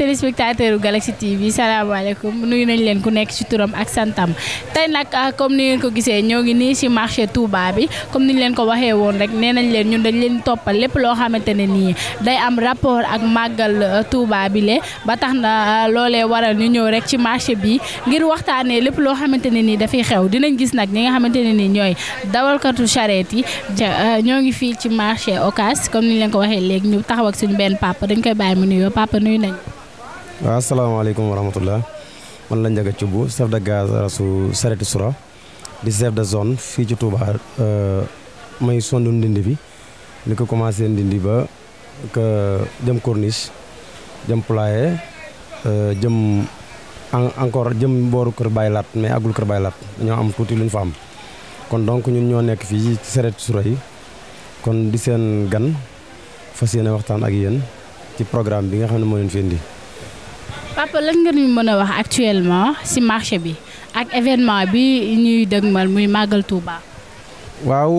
téléspectateur Galaxy TV salaamaaleykum nuyu nañ leen ku nekk ci turam ak santam tey nag ah, comme ni ngeen ko gisee ñoo ngi nii ci marché Touba bi comme ni ñu leen ko waxee woon rek nee nañ leen ñun dañ leen toppal lépp loo xamante ne nii day am rapport ak màggal euh, Touba bi le ba tax na ah, loolee ñu ñëw rek ci marché bi ngir waxtaanee lépp loo xamante ne nii dafay xew dinañ gis nag ñi nga xamante ne nii ñooy dawalkatu charrette yi euh, ñoo ngi fii ci marché Ocass comme ni leen ko waxee léegi ñu taxaw ak suñu benn papa dañ koy bàyyi mu nuyoo papa nuyu nañ Assalamualaikum warahmatullah. man lañ jaga ciubu chef de gaz rasu Sareti sura. di chef de zone fi ci Touba eh, may sondu ndindi bi ni ko commencé ndindi ba ke dem corniche plaier euh dem encore dem boru keur Baye mais agul keur Baye Laat dañoo am tuuti luñ fa am kon donc ñun ñoo nek fi ci Sareti sura yi kon di sen gan fasiyene waxtan ak yeen ci programme bi nga xamne mo fi papa lan nga ñu mën a wax actuellement si marché bi ak événement bi ñuy dëgmal muy màggal Touba. waaw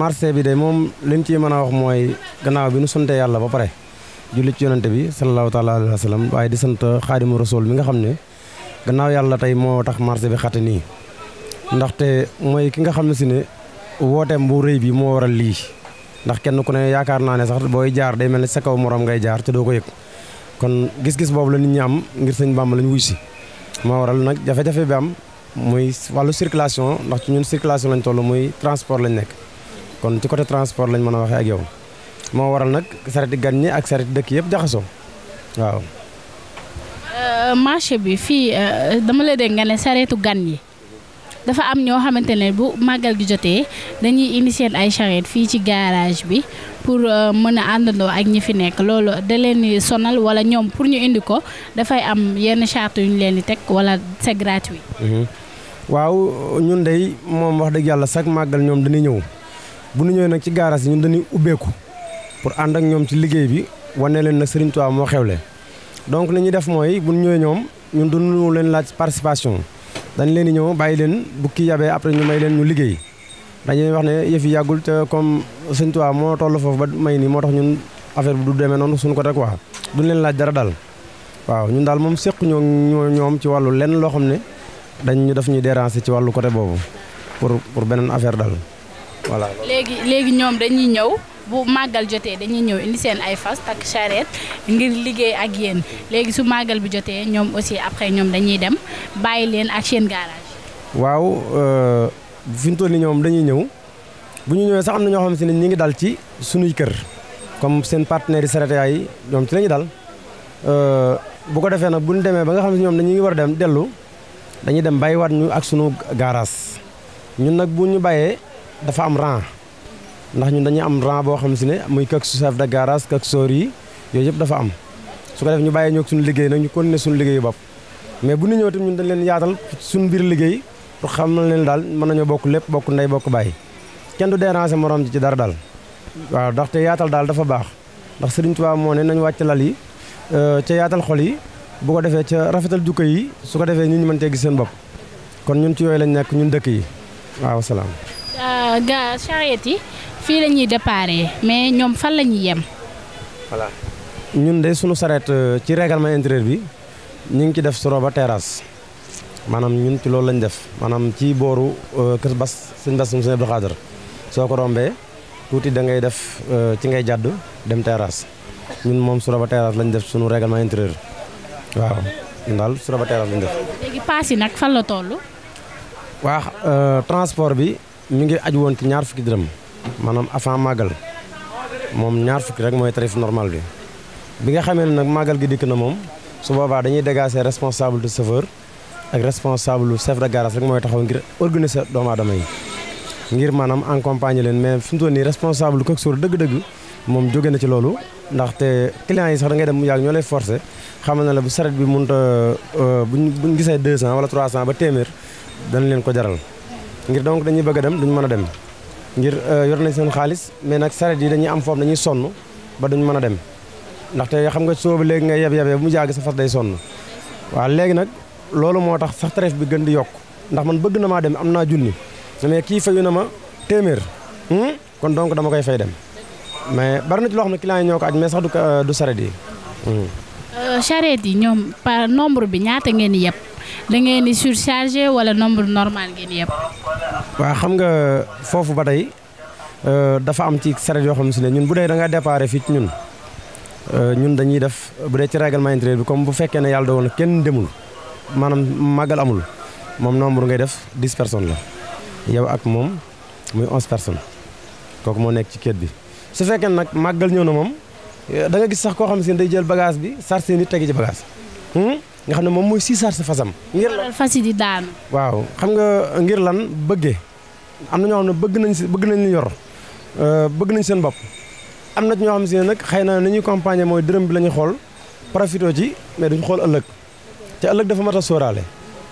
marché bi de moom liñ ci mën a wax mooy gannaaw bi nu sontee yàlla ba pare julli ci yonante bi sallallahu taala alayhi waaye di sant xaadimu rasul mi nga xam ne gannaaw yàlla tey moo tax marché bi xate nii ndaxte mooy ki nga xam ne si ne wooteem bu rëy bi moo waral lii ndax kenn ku ne yaakaar naa ne sax booy jaar day mel ne sa moroom ngay jaar te doo ko kon gis-gis boobu la nit ñi am ngir sëñ Bàmba la ñu wuy si moo waral nag jafe-jafe bi am muy wàllu circulation ndax ci ñun circulation lañ toll muy transport lañ nekk kon ci côté transport lañ mën a waxee ak yow moo waral nag sareti gan ñi ak sareti dëkk yëpp jaxasoo waaw. Euh, marché bi fii euh, dama la dégg nga ne saretu gan yi dafa am ñoo xamante ne bu màggal gi jotee dañuy indi seen ay charrette fii ci garage bi pour euh, mën a àndandoo ak ñi fi nekk loolu da leen sonal wala ñoom pour ñu indi ko dafay am yenn charte yu ñu leen di teg wala c'est gratuit. Mhm. waaw ñun dey moom wax dëgg yàlla chaque màggal ñoom dañuy ñëw bu nu ñëwee nag ci garage yi ñun dañuy ubbeeku pour ànd ak ñoom ci liggéey bi wane leen nag Serigne Touba moo xewle donc li ñuy def mooy bu ñu ñëwee ñoom ñun duñu leen laaj participation. dañu leen di ñëw bàyyi leen bu kii yabee après ñu may leen ñu liggéey dañuy wax ne yëf yàggul te comme Sëñ Tuubaa moo toll foofu ba may nii moo tax ñun affaire bi du demee noonu suñu côté quoi duñ leen laaj dara dal waaw ñun daal moom séq ñoo ñoom ci wàllu lenn loo xam ne dañ ñu daf ñuy déranger ci wàllu côté boobu pour pour beneen affaire dal voilà. léegi léegi ñoom dañuy ñëw. bu màggal jotee dañuy ñëw indi seen ay fas takk charrette ngir liggéey ak yéen léegi su màggal bi jotee ñoom aussi après ñoom dañuy dem bàyyi leen ak seen waaw euh, fi mu toll nii ñoom dañuy ñëw bu ñu ñëwee sax am na ñoo xam si ne ñu ngi dal ci sunuy kër comme seen partenaires yi charrette yi ñoom ci la ñu dal euh, bu ko defee nag bu ñu demee ba nga xam ne ñoom dañuy war a dem dellu dañuy dem bàyyiwaat ñu ak sunu garage ñun nag bu ñu bàyyee dafa am rang. ndax ñun dañuy am rang boo xam si ne muy kak chef de garage kak soor yi yooyu yëpp dafa am su ko def ñu bàyyi ñoo suñu liggéey nag ñu continuer suñu liggéeyu bopp mais bu ñu ñëw tam ñun dañ leen yaatal suñ biir liggéey pour xam na leen daal mën nañoo bokk lépp bokk ndey bokk bàyyi kenn du déranger morom ji ci dara daal waaw ndaxte yaatal daal dafa baax ndax Sëriñ Tuubaa moo ne nañu wàcc lal yi euh, ca yaatal xol yi bu ko defee ca rafetal jukka yi su ko defee nit ñi mën cee gis seen bopp kon ñun ci yooyu lañ nekk ñun dëkk yi waaw salaam Euh, ga charrette yi fii la déparé mais ñom fa lañuy yem voilà ñun de suñu charrette euh, ci règlement intérieur bi ñi ngi def soro ba terrasse manam ñun ci loolu lañ def manam ci boru keur bas señ bas señ Abdou khadir soko rombé touti da ngay def euh, ci ngay jadd dem terrasse ñun mom soro ba terrasse lañ def sunu règlement intérieur waaw ñun daal soro ba terrasse lañ def légui passi nak fa la tollu wax euh transport bi mi ngi aju won ci ñaar fukki dërëm manam avant magal mom ñaar fukki rek moy tarif normal bi bi nga xamé nak magal gi dik na mom su boobaa dañuy dégager responsable de serveur ak responsable chef de garage rek moy taxaw ngir organiser doomu aadama yi ngir manam en compagnie len mais fi mu responsable nii responsable deug deug mom moom na ci lolu ndax té client yi sax da ngay dem yag ñolay forcer xam na la bu saret bi mënut a buñu gisé 200 wala 300 ba téeméer dañ leen ko jaral ngir donc dañuy bëgg dem duñ mëna dem ngir euh, yor nañ seen xaaliss mais nak saret yi dañuy am foofu dañuy sonn ba duñ mëna dem dem tay xam nga soo ba léegi ngay yeb yebee bu mu jaag sa fas day sonn waaw léegi nag loolu moo tax sax tarif bi gën di yokk ndax man bëgg na maa dem am naa junni mais kii fayu na ma téeméer hmm? kon donc dama koy fay dem mais bari na ci loo xam ne client yi ñoo ko aj mais sax du euh, du saret yi. saret hmm. euh, yi ñoom par nombre bi ñaata ngeen yeb da ngay ni surchargé wala nombre normal ngeen yëpp. wa xam nga fofu ba euh dafa am ci sareet yo xamni ñun bu dee da nga déparé fi ci ñun euh, ñun dañuy def bu dee ci règlement intérieur bi comme bu fekkee ne yàlla doon kenn demul manam magal amul mom nombre ngay def 10 personnes la yow ak mom muy 11 personnes kooku mo nek ci kette bi su fekkee nak magal ñëw na mom euh, da nga gis sax ko xamni day jël bagage bi sar ni i ci bagage hmm nga xamne mom moy sisar sa fasam. ngir lan fasi di daan waaw xam nga ngir lan bëggee amna na ñoo xamne beug nañ beug nañ li yor beug nañ seen bop amna ñoo xamne si ne nag na campagne moy dërëm bi lañu xol profito ci mais duñ xol ëlëk te ëlëk dafa mata a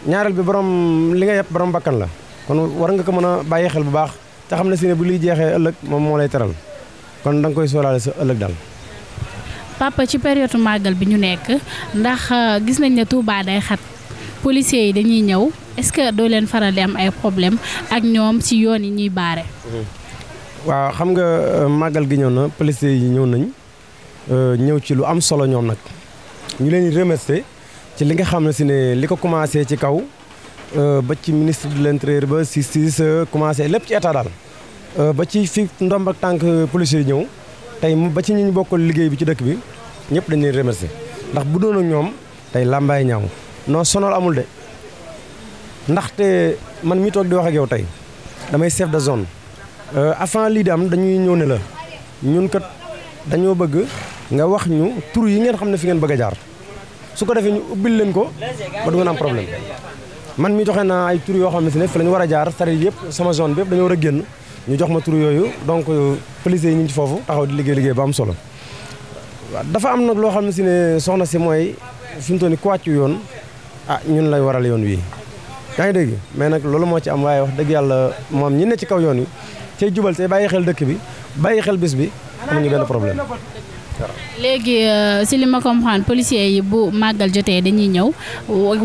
ñaaral bi borom li nga yapp borom bakkan la kon war nga ko mëna a xel bu baax te xam seen bu liy jeexee ëllëg lay teral kon dang koy sóoraale sa ëlëk dal papa ci période màggal bi ñu nekk ndax euh, gis nañ ne Touba day xat policiers yi dañuy ñëw est-ce que doo leen faral di am ay problème ak ñoom ci yoon yi ñuy baare. Mm-hmm. waaw xam nga euh, màggal gi ñëw na policiers yi ñëw nañ euh, ñëw ci lu am solo ñoom nag ñu leen remercier ci li nga xam ne si ne li ko commencé ci kaw ba ci ministre de l'intérieur ba si si commencé lépp ci état daal ba ci fi ndomb ak tànk policiers yi ñëw. tay ba ci ñu bokkal liggéey bi ci dëkk bi ñëpp leen remercier ndax bu doon ak ñoom tay lambay ñaw no sonal amul de ndaxte man mi toog di wax ak yow tey damay chef de zone euh, avant li dam dañuy ñëw ne la ñun kat dañoo bëgg nga wax ñu tur yi ngeen xamne fi ngeen bëgg jaar su ko defee ñu ubbil leen ko ba du problème man mi ay tur yo xamne fi ne fi jaar yépp sama zone bi dañoo ñu jox ma tur yooyu donc policiers yi ñu foofu taxaw di liggéey liggéey ba am solo dafa am nag loo xam ne si ne soxna si mooy fi mu toll yoon ah ñun lay waral yoon wi yaa ngi dégg mais nag loolu moo ci am waaye wax dëgg yàlla moom ñi ne ci kaw yoon wi cay jubal say bàyyi xel dëkk bi bàyyi xel bis bi amuñu benn problème léegi euh, si li ma comprendre policiers yi bu màggal jotee dañuy ñëw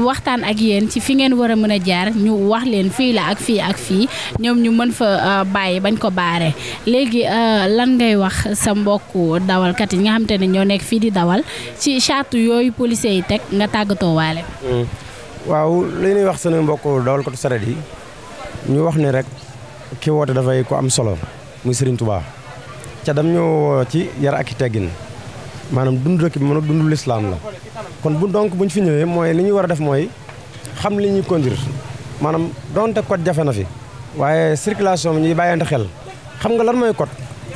waxtaan ak yéen ci fi ngeen war a mën a jaar ñu wax leen fii la ak fii ak fii ñoom ñu mën fa euh, bàyyi bañ ko baare léegi euh, lan ngay wax sa mbokku dawalkat yi nga xam te ne ñoo nekk fii di dawal ci charte yooyu policiers yi teg nga tàggatoo waale. Hmm. waaw wax sunu mbokku dawalkatu saret yi ñu wax ni rek ki woote dafay ko am solo muy Serigne Touba ca dam ñoo ci yar ak teggin. maanaam dundu dëkk bi mën a dundu lislaam la kon bu donc ñu fi ñëwee mooy li ñuy war a def mooy xam li ñuy conduire maanaam donte code jafe na fi waaye circulation bi ñuy bàyyante xel xam nga lan mooy code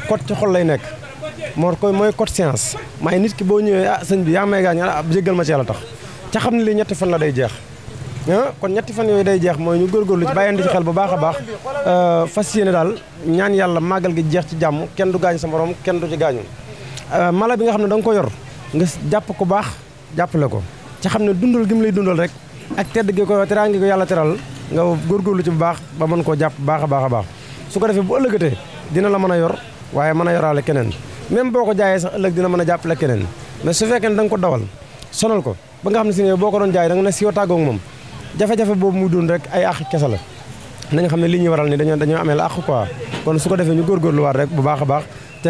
code ci xol lay nekk moo koy mooy code science maay nit ki boo ñëwee ah sëñ bi yaa may gaañ ah jéggal ma ci la tax ca xam ne li ñetti fan la day jeex ah, kon ñetti fan yooyu day jeex mooy ñu lu ci bàyyante ci xel bu baax a baax euh, fas yéene daal ñaan yàlla màggal gi jeex ci jàmm kenn du gaañ sa morom kenn du ci gaañu Euh, mala bi nga xam ne da nga ko yor nga jàpp ko baax jàppale ko ci xam ne dundal gi mu lay dundal rek ak tedd gi ko teraa ngi ko yàlla teral nga góorgóorlu ci bu baax ba mën koo jàpp baax a baax a baax su ko defee bu ëllëgatee dina la mën a yor waaye mën a yoraale keneen même boo ko jaayee sax ëllëg dina mën a jàppale keneen mais su fekkee ne da ko dawal sonal ko ba nga xam ne si ne boo ko doon jaay da nga ne si yow tàggoog moom jafe-jafe boobu muy dund rek ay àq kese la nañu xam ne li ñuy waral ni dañoo dañoo amee la àq kon su ko defee ñu góorgóorluwaat rek bu baax a baax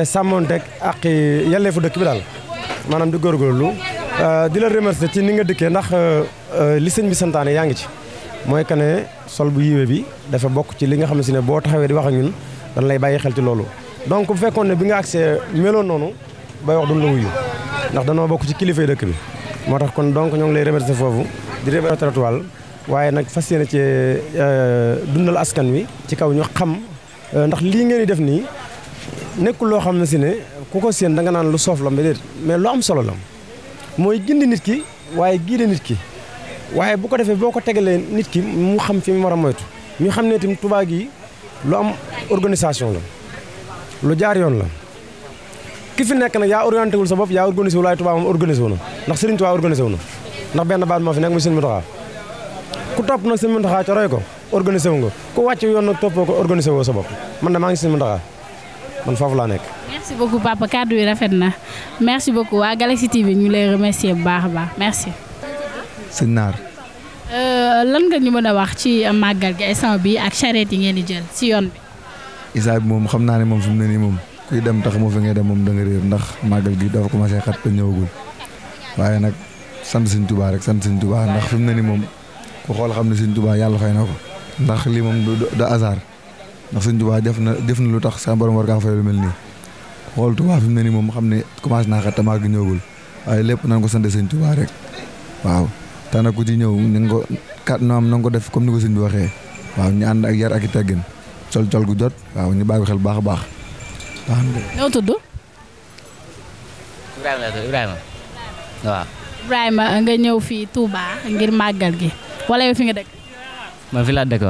sàmmoon teg ak yelleefu dëkk bi daal maanaam di góorgóorlu euh, di la remercier ci ni nga dëkkee ndax euh, euh, li sëñ bi santaane yaa ngi ci mooy que ne sol bu yiwee bi dafa bokk ci li nga xam si ne boo taxawee di wax a ñun dañ lay bàyyi xel ci loolu donc bu fekkoon ne bi nga accès meloon noonu bay wax duñ la wuyu ndax danoo bokk ci kilifay dëkk bi moo tax kon donc ñoo ngi lay remercier foofu di remercier Étoile waaye nag fas yéene ci dundal askan wi ci kaw ñu xam ndax lii ngeen def nii nekkul loo xam ne si ne ku ko séen da nga naan lu soof la mbir mais lu am solo la mooy gindi nit ki waaye giide nit ki waaye bu ko defee boo ko tegalee nit ki mu xam fi mu war a moytu ñu xam ne tamit Touba gi lu am organisation la lu jaar yoon la ki fi nekk nag yaa orienté wul sa bopp yaa organisé wul waaye Touba moom organisé wu na ndax Serigne Touba organisé wu na ndax benn baat moo fi nekk muy Serigne Mountakha ku topp na Serigne Mountakha ca ko organisé wu nga ku wàcc yoon nag toppoo ko woo sa bopp man de maa ngi Serigne Mountakha man fofu la nek merci beaucoup papa cadeau yi rafet na merci beaucoup wa Galaxy TV ñu lay remercier bu baax a baax merci. sëñ Naar. Euh, lan nga ñu mëna a wax ci magal gi instant bi ak charrette yi ngeen di jël ci yoon bi. isaab mom xamna xam naa ne moom fi ne ni mom kuy dem tax mo fi ngay dem mom da nga reer ndax màggal gi dafa commencé xat te ñëwagul waye nak sant seigne touba rek sant seigne touba ndax fi ne ni mom ku xol xam seigne touba yalla fay nako ndax li mom du du hasard ndax sëñ tuba def na def na lu tax sa borom war kaa fay lu mel nii xool Tuubaa fi mu ne nii moom xam ne commencé naa xat tamaa gi ñëwul waaye lépp nañ ko sante sëñ tuba rek waaw ku ci ñëw nga kat noom na nga def comme ni ko sëñ bi waxee waaw ñu ànd ak yar ak teggin col col gu jot waaw ñu bàyyi xel baax a baax. noo tudd. Ibrahima laa tudd Ibrahima waaw. Ibrahima nga ñëw fii Touba ngir màggal gi wala yow fi nga dëkk. ma fi dëkk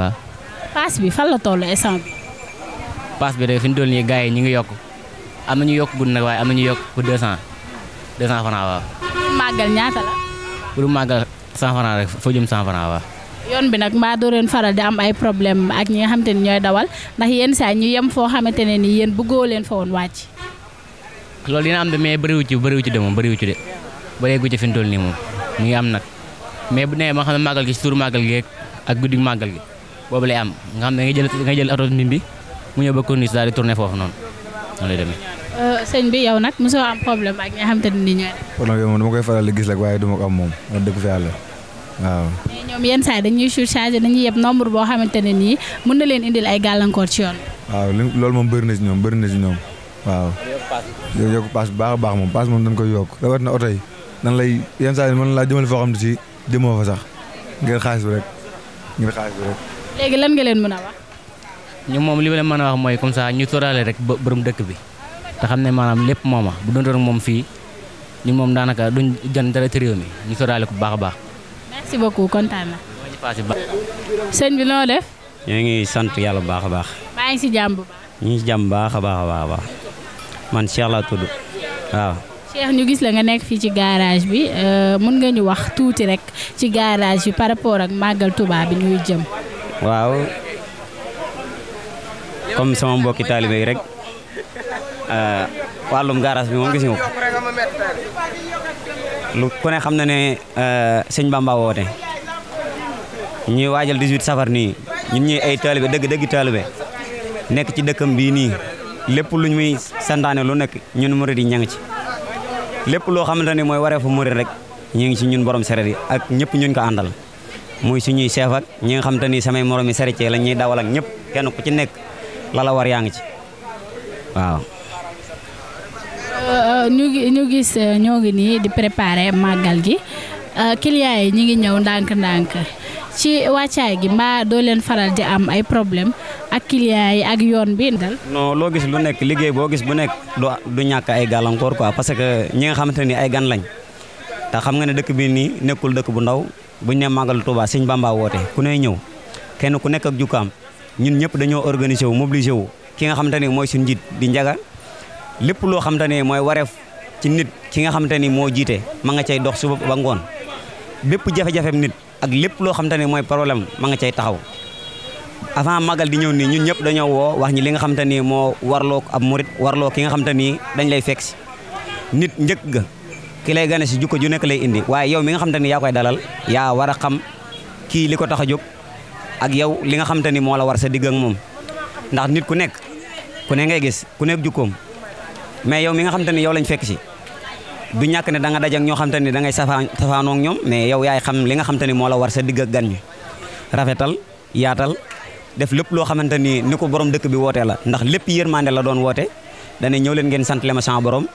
bi fan la toll instant bi. paas bi rek fi ñu nii gars yi ngi yokk am na ñu yokk gudd nag waaye am na ñu yokk bu 200 200 francs waaw. màggal ñaata yoon bi nag maa doo leen faral di am ay problème ak ñi nga xamante ni ñooy dawal ndax yenn saa ñu yem foo xamante ne nii yéen bëggoo leen fa woon wàcc. loolu dina am de mais bëriwu ci bëriwu ci de moom bëriwu ci de bëreegu ci fi mu toll nii moom mu ngi am nag mais bu nee ma xam ne màggal gi si suur màggal gi ak guddi màggal gi boobu lay am nga xam ne mu ñëw ba corniche daal di tourné foofu noonu noonu lay demee. Euh, sëñ bi yow nag mosoo am problème ak ñi nga xam te ne nii ñooy. moom dama koy faral gis rek waaye ma ko am moom wax dëgg fa yàlla waaw. mais ñoom yenn saa yi ne nii mën na leen indil ay gàllankoor ci yoon. waaw loolu moom bëri na ci ñoom na ci ñoom waaw. yow yokk paas bu baax baax moom paas moom dañ koy yokk rawatina oto yi nan lay yenn saa yi mën laa jëmale foo xam ne si jëmoo fa sax ngir xaalis bi rek ngir xaalis bi rek. léegi ñu mom li ma leen mëna wax moy comme ça ñu toralé rek ba borom dëkk bi ta xamné manam lepp moma mooma bu doon mom fi ñu mom danaka duñ jënd dara ci réew mi ñu toralé ko bu baax baax. merci beaucoup content na. sëñ bi noo def. ñi ngi sant yalla bu baax baax. maa ngi si jàmm bu baax. ñu ngi si baax baax baax baax man Cheikh la tuddu waaw. Cheikh ñu gis la nga nekk fi ci garage bi euh mën nga ñu wax tuuti rek ci garage bi par rapport ak magal Touba bi ñuy jëm. waaw comme sama mbokki taalibe rek euh walum garage bi mo gis nga lu ko ne xamna na euh sëñ Bamba woote ñi wajal 18 safar ni ñun ñi ay taalibe deug deug taalibe nek ci dekkam bi ni lepp luñ muy santane lu nek ñun mouride ñang ci lepp lo xamante ne mooy fu mouride rek ñi ngi ci ñun borom seret ak ñepp ñun ko andal muy suñuy chef ak ñi nga xamante samay moromi saretee la ñi dawal ak ñëpp kenn ku ci nek lala war yaa ngi ci waaw. Euh, euh, ñu ñu gis euh, ñoo ngi nii di préparer màggal gi clients yi ñu ngi ñëw ndànk-ndànk ci wàccaay gi mbaa doo leen faral di am ay problème ak clients yi ak yoon bi dal non loo gis lu nekk liggéey boo gis bu nekk du ñàkk ay gàllankoor quoi parce que ñi nga xamante ni ay gan lañ te xam nga ne dëkk bi nii nekkul dëkk bu ndaw buñ ne màggal Touba Sëñ Bamba woote ku ne ñëw kenn ku nekk ak jukkaam ñun ñëpp dañoo organiser wu mobiliser wu ki nga xamante ni mooy suñu njiit di njaga lépp loo xamante ne mooy wareef ci nit ki nga xamante ni moo jiite ma nga cay dox suba ba ngoon bépp jafe-jafem nit ak lépp loo xamante ne mooy problème ma nga cay taxaw avant magal di ñëw nii ñun ñëpp dañoo woo wax ñi li nga xamante ni moo warloo ab murit warloo ki nga xamante ni dañ lay fekk si nit njëkk ga ki lay gane si jukko ju nekk lay indi waaye yow mi nga xamante ni yaa koy dalal yaa war a xam kii li ko tax a jóg ak yow li nga xamanteni mo la war sa digg ak mom ndax nit ku nek ku ne ngay gis ku nek jukkoom mais yow mi nga xamanteni yow lañ fekk ci du ñak ne da nga daj ak ñoo xamante da ngay safaan ak ñom mais yow yaay xam li nga xamanteni mo la war sa digg ak gan ñu rafetal yaatal def lepp lo xamanteni niko borom dekk bi wootee la ndax lepp yërmande la doon da dana ñew leen ngeen sante lema sama borom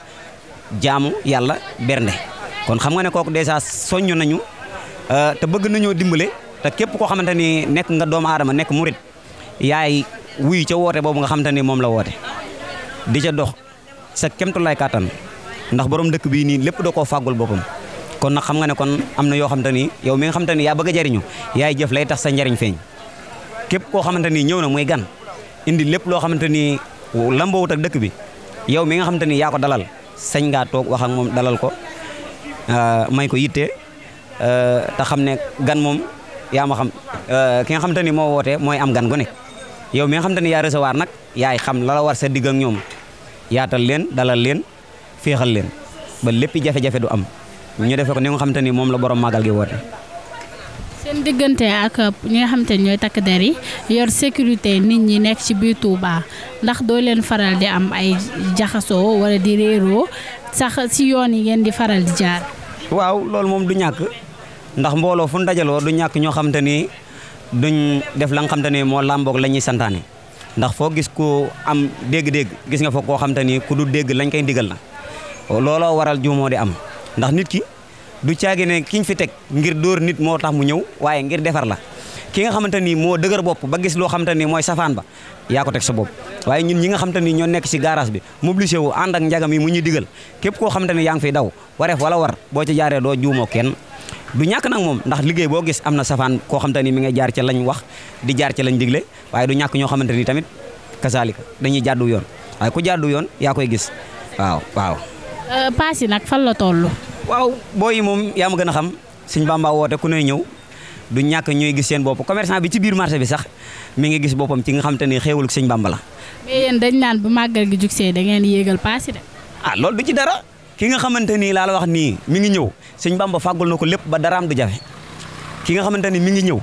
jaamu yalla bernde kon xam nga ne kooku déjà soñu nañu euh, te bëgg nañu dimbalé te képp ko xamante ni nekk nga doomu aadama nekk murit yaay wuy ca woote boobu nga xamante ni moom la woote di ca dox sa kemtulaay kàttan ndax borom dëkk bii nii lépp doo ko fàggul boppam kon nag xam nga ne kon am na yoo xamante ni yow mi nga xamante ni yaa bëgg a jariñu yaay jëf lay tax sa njariñ feeñ képp koo xamante ni ñëw na muy gan indi lépp loo xamante ni lamboowut ak dëkk bi yow mi nga xamante ni yaa ko dalal sañ ngaa toog wax ak moom dalal ko euh, may ko yitte euh, te xam ne ya ma xam euh, ki nga xamante mo moo woote am gan gu nekk yow mi nga xamante ni yaa recevoir nak yaay xam la la war sa digg ak ñoom yaatal leen dalal leen fexal leen ba lepp jafé jafé du am ñu defe ko ni nga xamante ni moom la borom magal gi wote sen digënté ak ñi nga xamante ni ñooy takk der yi yor sécurité nit ñi nek ci biir Touba ndax do leen faral di am ay jaxaso wala di réeroo sax ci yoon yi ngeen di faral di jaar. waaw lool mom du ñak ndax mbolo fu ndajalo du ñak ño xamanteni duñ def la nga xamanteni mo lambok moo santane ndax fo gis ku am deg deg gis nga fo ko xamanteni ku du deg lañ koy digal la lolo waral jumo di am ndax nit ki du caagi kiñ fi tek ngir door nit mo tax mu ñew waye ngir defar la ki nga xamanteni mo deugar bop ba gis lo xamanteni moy mooy ba ya ko tek sa bop waye ñun ñi nga xamanteni ño nek ci garage bi mobilisé wu and ak njagam yi mu ñi digal kep ko xamanteni ni fi daw waref wala war bo ci do kenn du ñàkk nag moom ndax liggéey boo gis am na safaan koo xam te ni mi nga jaar ca lañ wax di jaar ca lañ digle waaye du ñàkk ñoo xamante ni tamit kasaalika dañuy jàddu yoon waaye ku jàddu yoon yaa koy gis waaw waaw. Euh, paas nag fan la toll. waaw booy yi moom yaa ma gën a xam suñ bàmbaa woote ku ne ñëw du ñàkk ñuy gis seen bopp commerçant bi ci biir marché bi sax mi ngi gis boppam ci nga xam te ne xéewul suñ la. mais yéen dañ naan bu màggal gi jug see da ngeen yéegal paas yi de. ah loolu du ci dara. ki nga xamanteni la la wax ni mi ngi ñew sëñ Bamba fagul nako lepp ba daram du jafé ki nga xamanteni mi ngi ñew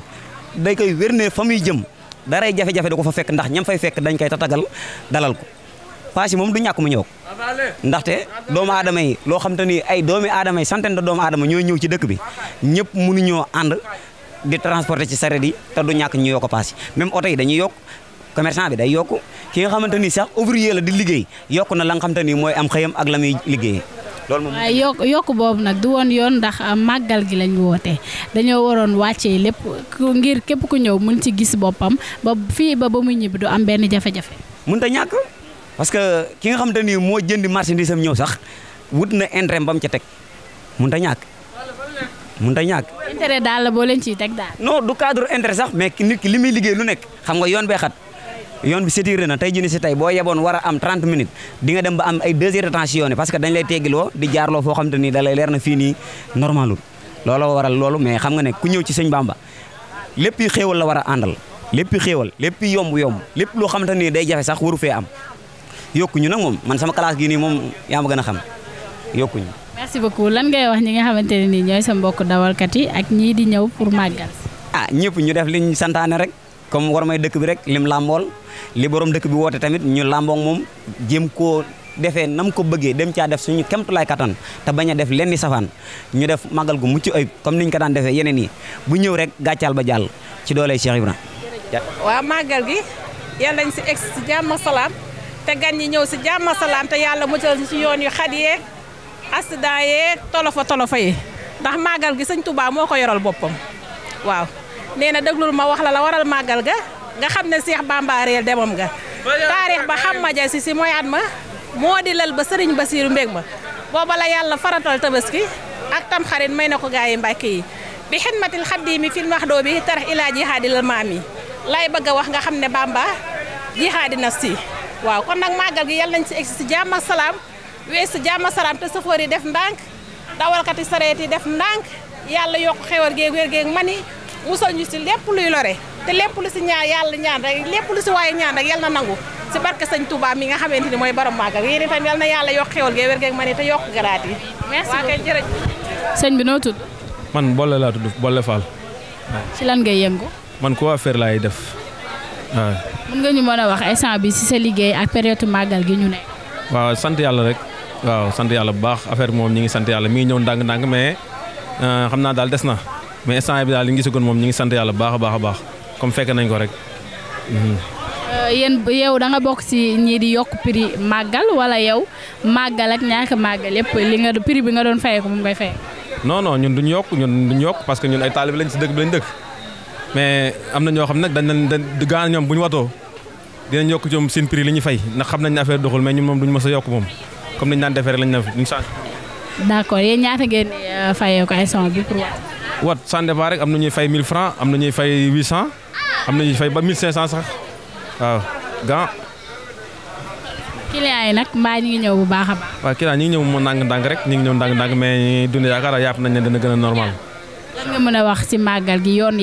day koy werné famuy jëm daray jafé jafé dako fa fekk ndax ñam fay fekk dañ koy tatagal dalal ko paas mom du ñak mu ñëw ndaxte doomu adamay lo xamanteni ay doomi adamay yi centaine de doomu aadama ñoo ñëw ci dëkk bi ñëpp ñoo and di transporter ci saret yi te du ñak ñu yoko paas même auto yi dañuy yok commerçant bi day yok ki nga xamanteni sax ouvrier la di liggéey yok na la nga xamanteni moy am xeyam ak lamuy liggéey loolu mom ay yok yok boobu nak du won yon ndax ah, magal gi lañ wote dañu waron wacce lepp ngir kep ku ñew mun ci gis bopam ba fi ba ba muy ñib du am ben jafe-jafe. mën ta ñak parce que ki nga xam tane mo jënd marchandise am sax wut na intérêt bam ci tek mën ta ñak mën ta ñak intérêt dal bo leen ci tek dal non du cadre intérêt sax mais nit ki limi liggé lu nek xam nga yon be xat. yoon bi sétiré na tey jii ni si tey boo yeboon war a am 30 minutes di nga dem ba am ay 2 de temps si yoon parce que dañ lay teggiloo di jaarloo foo xam te leer na fii nii normalul looloo waral loolu mais xam nga ne ku ñëw ci sëñ Bamba lépp yi la war a àndal lépp yi xéewal lépp yi yomb lépp loo xam te ni day jafe sax waru fee am yokkuñu nag moom man sama classe gi nii moom yaa ma gën a xam yokkuñu merci beaucoup lan ngay wax ne nii ñooy sa mbokk dawalkat yi ak ñii di ñëw pour màggal ah ñu def liñ santaane comme war may dëkk bi rek lim lambol li borom dëkk bi wote tamit ñu lambok mom jëm ko defee nam ko bëggé dem caa def suñu kemtu lay katan ta baña def lenn safan ñu def magal gu mucc ayib comme niñ ko daan defee yeneen yi bu ñëw rek gatchal ba jall ci doole Cheikh ibrahim wa magal gi yalla ñu ci ex ci jàmm salam te gan ñi ñëw ci jàmm salam te yàlla muccal ci yoon yu xat asdaaye tolofa tolofa yi ndax magal gi seigne Touba moko yoral bopam waaw nee na déglul ma wax la la waral màggal ga nga xam ne Seex Bamba réel demam ga taarix ba xam si si mooy at ma moo di lal ba sëriñ Basiiru mbég ma booba la yàlla faratal tabaski ak tam xarit may na ko gaa yi mbàkke yi bi xidmatil xaddiimi mi wax doo bi tarax ilaa jihaadi la maam yi laay bëgg a wax nga xam ne Bamba di na si waaw kon nag màggal gi yàlla nañ ci egg si jàmm ak salaam wees si jàmm ak salaam te safoor yi def ndànk dawalkati yi def ndànk yàlla yokk xewal géeg wér musal ñu si lépp luy loré té lepp lu ci ñaan yalla ñaan rek lepp lu ci waaye ñaan rek yalla na nangu ci barke sëñ Touba mi nga xamanteni moy borom màggal yéne fam yalla na yalla yokk xewal ge wér geeg mani te yokk garaat yi merci waa kay jërëjëf sëñ bi no tudd man bolé la tudd bolé fal ci lan ngay yëngu man ko affaire lay def mën nga ñu mëna wax instant bi ci sa liggéey ak période magal gi ñu né waaw sant yalla rek waaw sant yalla bu baax affaire mom ñi ngi sant yalla mi ngi ñëw ndang ndànk mais euh, xamna dal daal na mais instant bi daal li ñu gisagoon moom ñu ngi sant yàlla baax a baax a baax comme fekk nañ ko rek. Euh, yéen yow da nga bokk ci ñii di yokk prix màggal wala yow màggal ak ñaaka màggal yëpp li nga prix bi nga doon fayee ko moom ngay fay. non non ñun duñ yokk ñun duñ yokk parce que ñun ay taalib lañ ci dëkk bi lañ dëkk mais am na ñoo xam nag dañ leen dañ gaan ñoom bu ñu watoo dinañ yokk ci seen prix li ñu fay ndax xam nañ ne affaire doxul mais ñun moom duñ mës a yokk moom comme niñ daan defee rek lañ na duñ changé. d'accord yéen ñaata ngeen euh, fayee ko son bi pour wat san dépend rek am ñuy fay 1000 francs am na ñuy fay 800 am na ñuy fay ba 1500 sax waaw ga client yi nak mbaa ñi ñew bu baaxa a baax. waaw client ñi ñew mo nang dang rek ñi ñew dang dang mais dund yaakaar yaap nañ ne dana gëna normal. lan nga mëna wax ci magal gi yoon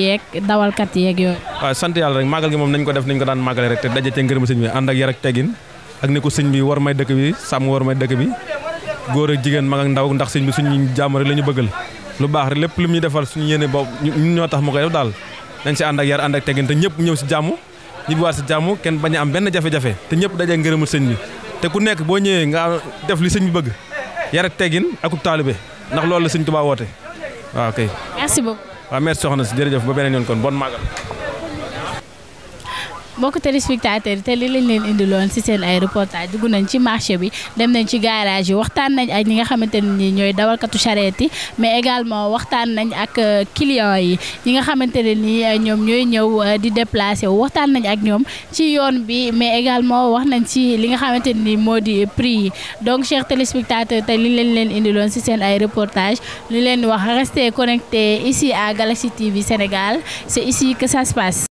dawal kat yek yooyu. wa sant yalla rek magal gi mom nañ ko def nañ ko daan magal rek te dajje te ngeerum señ bi ànd ak yar ak teggin ak ne ko señ bi war may dekk bi sam war may dekk bi goor ak jigen mag ak ndaw ndax señ bi suñu jàmm rek bëggal lu baax rek lépp lu muy defal suñu yéene boobu ñoo tax mu koy def daal dañ si ànd ak yar ànd ak teggin te ñëpp ñëw si jàmm ñibbiwaat si jàmm kenn bañ am benn jafe-jafe te ñëpp dajee ngërëmul sëñ bi te ku nekk boo ñëwee nga def li sëñ bi bëgg yar ak teggin akub taalibe ndax loolu la sëñ Tuubaa woote waaw kay. merci beaucoup. waaw soxna si jërëjëf ba beneen yoon kon bon màggal mbokk téléspectateurs yi te li lañ leen indiloon ci seen ay reportage dugg nañ ci marché bi dem nañ ci garage yi waxtaan nañ ak ñi nga xamante ne nii ñooy dawalkatu charrette yi mais également waxtaan nañ ak euh, clients yi ñi nga xamante ne nii euh, ñoom ñooy ñëw euh, di déplacé wu waxtaan nañ ak ñoom ci yoon bi mais également wax nañ ci li nga xamante ne nii moo di prix yi donc chers téléspectateurs te li leen leen indiloon ci seen ay reportage li leen wax restez connectés ici à Galaxy TV Sénégal c'est ici que ça se